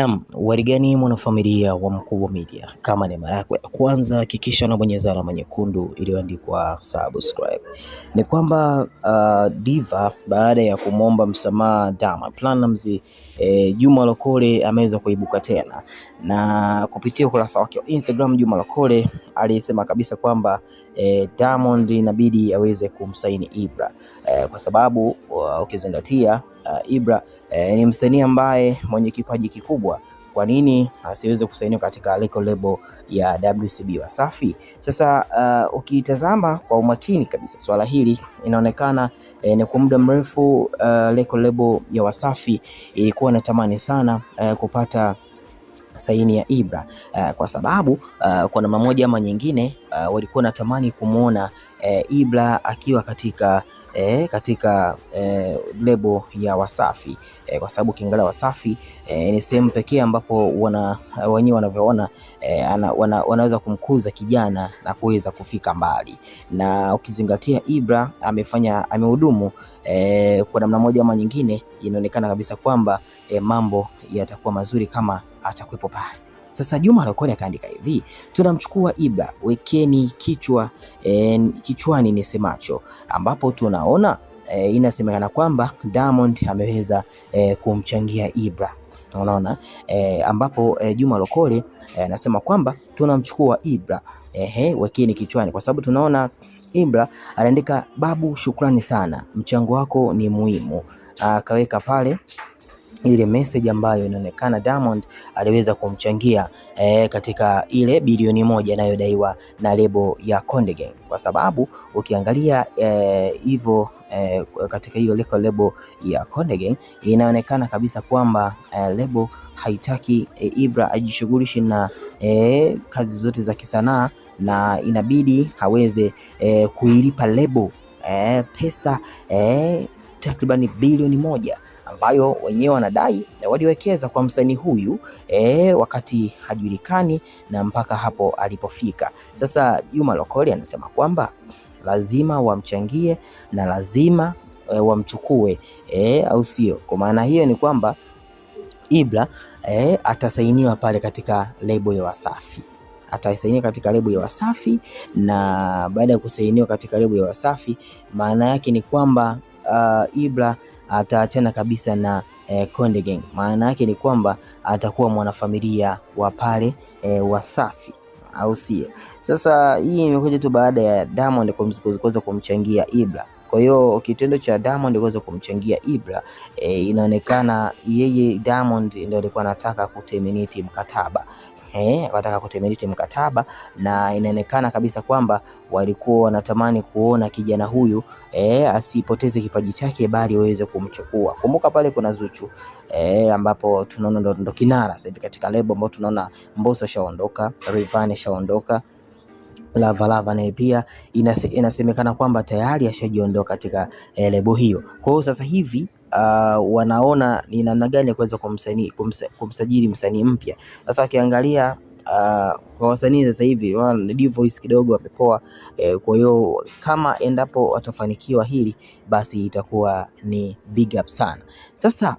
Naam, warigani mwanafamilia wa Mkubwa Media, kama ni mara yako ya kwanza hakikisha unabonyeza alama nyekundu iliyoandikwa subscribe. Ni kwamba uh, Diva baada ya kumwomba msamaha Diamond Platnumz eh, Juma Lokole ameweza kuibuka tena na kupitia ukurasa wake wa Instagram Juma Lokole alisema kabisa kwamba eh, Diamond inabidi aweze kumsaini Ibra eh, kwa sababu ukizingatia uh, Ibra eh, ni msanii ambaye mwenye kipaji kikubwa kwa nini asiweze kusainiwa katika record lebo ya WCB Wasafi? Sasa uh, ukitazama kwa umakini kabisa swala hili inaonekana eh, ni kwa muda mrefu uh, record lebo ya Wasafi ilikuwa inatamani sana eh, kupata saini ya Ibra uh, kwa sababu uh, kwa namna moja ama nyingine uh, walikuwa wanatamani kumwona uh, eh, Ibra akiwa katika eh, katika eh, lebo ya Wasafi eh, kwa sababu ukiangalia Wasafi eh, ni sehemu pekee ambapo wana wenyewe wanavyoona eh, ana, wana, wanaweza kumkuza kijana na kuweza kufika mbali, na ukizingatia Ibra amefanya amehudumu eh, kwa namna moja ama nyingine, inaonekana kabisa kwamba eh, mambo yatakuwa mazuri kama atakuwepo pale. Sasa Juma Lokole akaandika hivi, tunamchukua Ibra, wekeni kichwa eh, kichwani nisemacho, ambapo tunaona eh, inasemekana kwamba Diamond ameweza eh, kumchangia Ibra unaona e, ambapo e, Juma Lokole e, anasema kwamba tunamchukua Ibra ehe, wekeni kichwani, kwa sababu tunaona Ibra anaandika, babu, shukrani sana, mchango wako ni muhimu. Akaweka pale ile message ambayo inaonekana Diamond aliweza kumchangia e, katika ile bilioni moja inayodaiwa na lebo ya Konde Gang, kwa sababu ukiangalia eh, hivyo e, eh, E, katika hiyo leko lebo ya Konde Gang inaonekana kabisa kwamba e, lebo haitaki e, Ibra ajishughulishi na e, kazi zote za kisanaa na inabidi aweze e, kuilipa lebo e, pesa e, takribani bilioni moja ambayo wenyewe wanadai waliwekeza kwa msanii huyu e, wakati hajulikani na mpaka hapo alipofika. Sasa Juma Lokole anasema kwamba lazima wamchangie na lazima e, wamchukue e, au sio? Kwa maana hiyo ni kwamba Ibra e, atasainiwa pale katika lebo ya Wasafi atasainiwa katika lebo ya Wasafi, na baada ya kusainiwa katika lebo ya Wasafi, maana yake ni kwamba uh, Ibra ataachana kabisa na eh, Konde Gang. Maana yake ni kwamba atakuwa mwanafamilia wa pale eh, Wasafi au sio? Sasa hii imekuja tu baada ya Diamond kuweza kumchangia Ibra. Kwa hiyo kitendo cha Diamond kuweza kumchangia Ibra e, inaonekana yeye Diamond ndio alikuwa anataka kuterminate mkataba eh, wakataka kutemeliti mkataba na inaonekana kabisa kwamba walikuwa wanatamani kuona kijana huyu eh, asipoteze kipaji chake bali waweze kumchukua. Kumbuka pale kuna Zuchu eh, ambapo tunaona ndo, ndo kinara sasa hivi katika lebo ambao tunaona Mbosso shaondoka, Rayvanny shaondoka Lavalava naye pia inasemekana kwamba tayari ashajiondoka katika eh, lebo hiyo. Kwa hiyo sasa hivi uh, wanaona ni namna gani ya kuweza kumsajili kumsa, msanii mpya. Sasa akiangalia uh, kwa wasanii sasa hivi Voice kidogo wamepoa eh. Kwa hiyo kama endapo watafanikiwa hili basi itakuwa ni big up sana. Sasa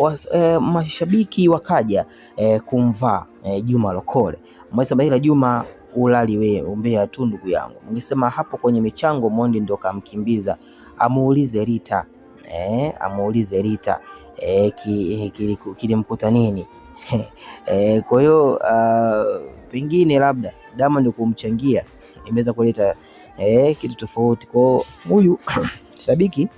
was, eh, mashabiki wakaja eh, kumvaa eh, Juma Lokole mwaisabahila Juma ulali we umbea tu ndugu yangu, ningesema hapo kwenye michango Mondi ndo kamkimbiza, amuulize Rita eh, amuulize Rita eh, eh kilimkuta ki, ki, nini eh, kwa hiyo uh, pengine labda Diamond kumchangia imeweza kuleta eh, kitu tofauti kwa Huyu shabiki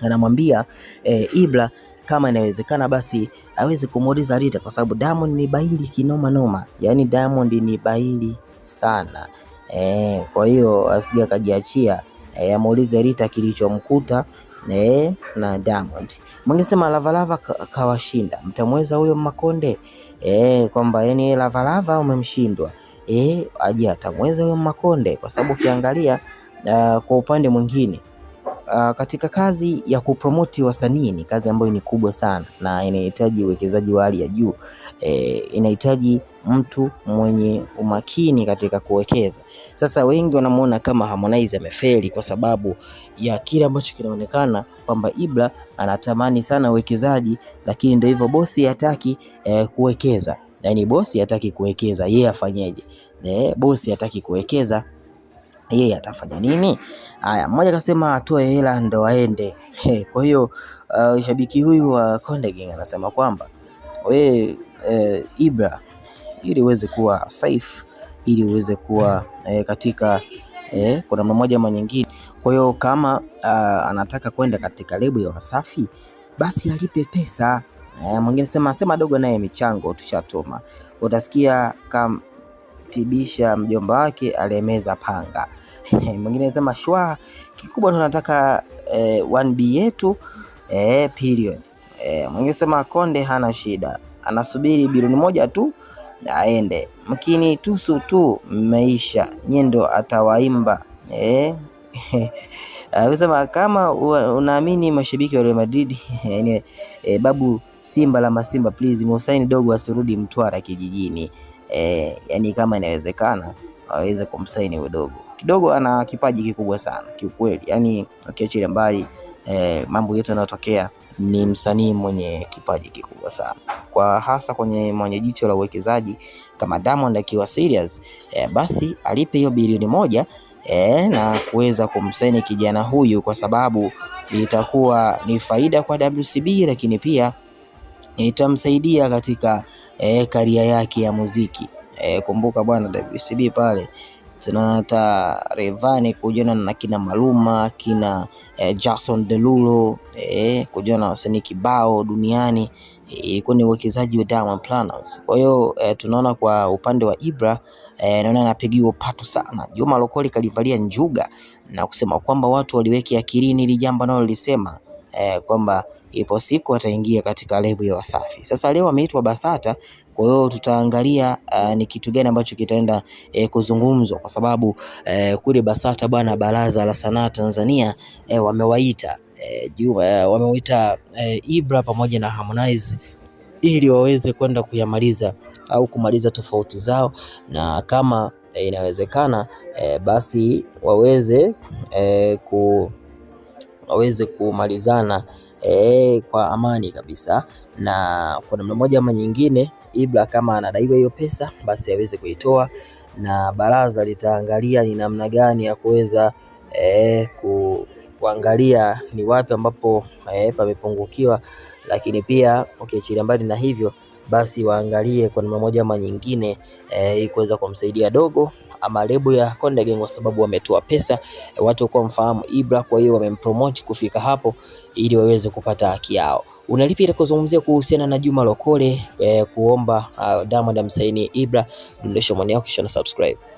anamwambia eh, Ibra kama inawezekana basi aweze kumuuliza Rita kwa sababu Diamond ni baili kinoma noma, yani Diamond ni baili sana eh, kwa hiyo asije akajiachia eh, amuulize Rita kilichomkuta ne, eh, na Diamond. Mwengesema Lavalava kawashinda, mtamweza huyo Mmakonde e, eh, kwamba yani Lavalava umemshindwa e, aje atamweza huyo Mmakonde kwa sababu ukiangalia uh, kwa upande mwingine Uh, katika kazi ya kupromoti wasanii ni kazi ambayo ni kubwa sana na inahitaji uwekezaji wa hali ya juu eh, inahitaji mtu mwenye umakini katika kuwekeza. Sasa wengi wanamuona kama Harmonize amefeli kwa sababu ya kile ambacho kinaonekana kwamba Ibra anatamani sana uwekezaji, lakini ndio hivyo, bosi hataki eh, kuwekeza. Yaani bosi hataki kuwekeza, yeye afanyeje? Eh, bosi hataki kuwekeza yeye atafanya nini? Haya, mmoja akasema atoe hela ndo aende. Kwa hiyo uh, shabiki huyu wa Konde Gang anasema kwamba we eh, Ibra ili uweze kuwa safe, ili uweze kuwa e, katika e, kwa namna moja ama nyingine. Kwa hiyo kama uh, anataka kwenda katika lebu ya Wasafi basi alipe pesa. E, mwingine sema sema dogo naye michango tushatoma. Utasikia kamtibisha mjomba wake alemeza panga. Mwingine sema shwa, kikubwa tunataka e, 1B yetu e, period. E, mwingine sema konde hana shida, anasubiri bilioni moja tu aende mkini tusu tu maisha nyendo atawaimba eh? Amesema kama unaamini mashabiki wa Real Madrid yani, e, eh, babu Simba la Masimba, please Musaini dogo asirudi Mtwara kijijini e, eh, yani kama inawezekana waweze kumsaini udogo kidogo, ana kipaji kikubwa sana kiukweli, yani ukiachilia mbali eh, mambo yote yanayotokea, ni msanii mwenye kipaji kikubwa sana, kwa hasa kwenye mwenye jicho la uwekezaji kama Diamond akiwa serious eh, basi alipe hiyo bilioni moja eh, na kuweza kumsaini kijana huyu, kwa sababu itakuwa ni faida kwa WCB, lakini pia itamsaidia katika eh, karia yake ya muziki. E, kumbuka bwana WCB pale tunaona hata Rayvanny kujiona na kina Maluma kina eh, Jackson Derulo eh, kujiona na wasanii kibao duniani ilikuwa eh, ni uwekezaji wa Diamond Platnumz. Kwa hiyo eh, tunaona kwa upande wa Ibra eh, naona anapigiwa pato sana. Juma Lokole kalivalia njuga na kusema kwamba watu waliweke akilini ili jambo nalo lisema eh, kwamba ipo siku ataingia katika lebu ya Wasafi. Sasa leo ameitwa Basata kwa hiyo tutaangalia uh, ni kitu gani ambacho kitaenda eh, kuzungumzwa kwa sababu eh, kule BASATA bwana, Baraza la Sanaa Tanzania eh, wamewaita eh, eh, wamewaita eh, Ibra pamoja na Harmonize ili waweze kwenda kuyamaliza au kumaliza tofauti zao na kama eh, inawezekana eh, basi waweze eh, ku waweze kumalizana e, kwa amani kabisa, na kwa namna moja ama nyingine, Ibra kama anadaiwa hiyo pesa, basi aweze kuitoa na baraza litaangalia ni namna gani ya kuweza e, ku kuangalia ni wapi ambapo e, pamepungukiwa, lakini pia ukiachilia okay, mbali na hivyo basi waangalie kwa namna moja ama nyingine e, kuweza kumsaidia dogo ama lebo ya Konde Gang kwa sababu wametoa pesa, eh, watu kwa mfahamu Ibra, kwa hiyo wamempromote kufika hapo ili waweze kupata haki yao. Unalipi la kuzungumzia kuhusiana na Juma Lokole eh, kuomba uh, Diamond amsaini Ibra? Dondosha maoni yako kisha na subscribe.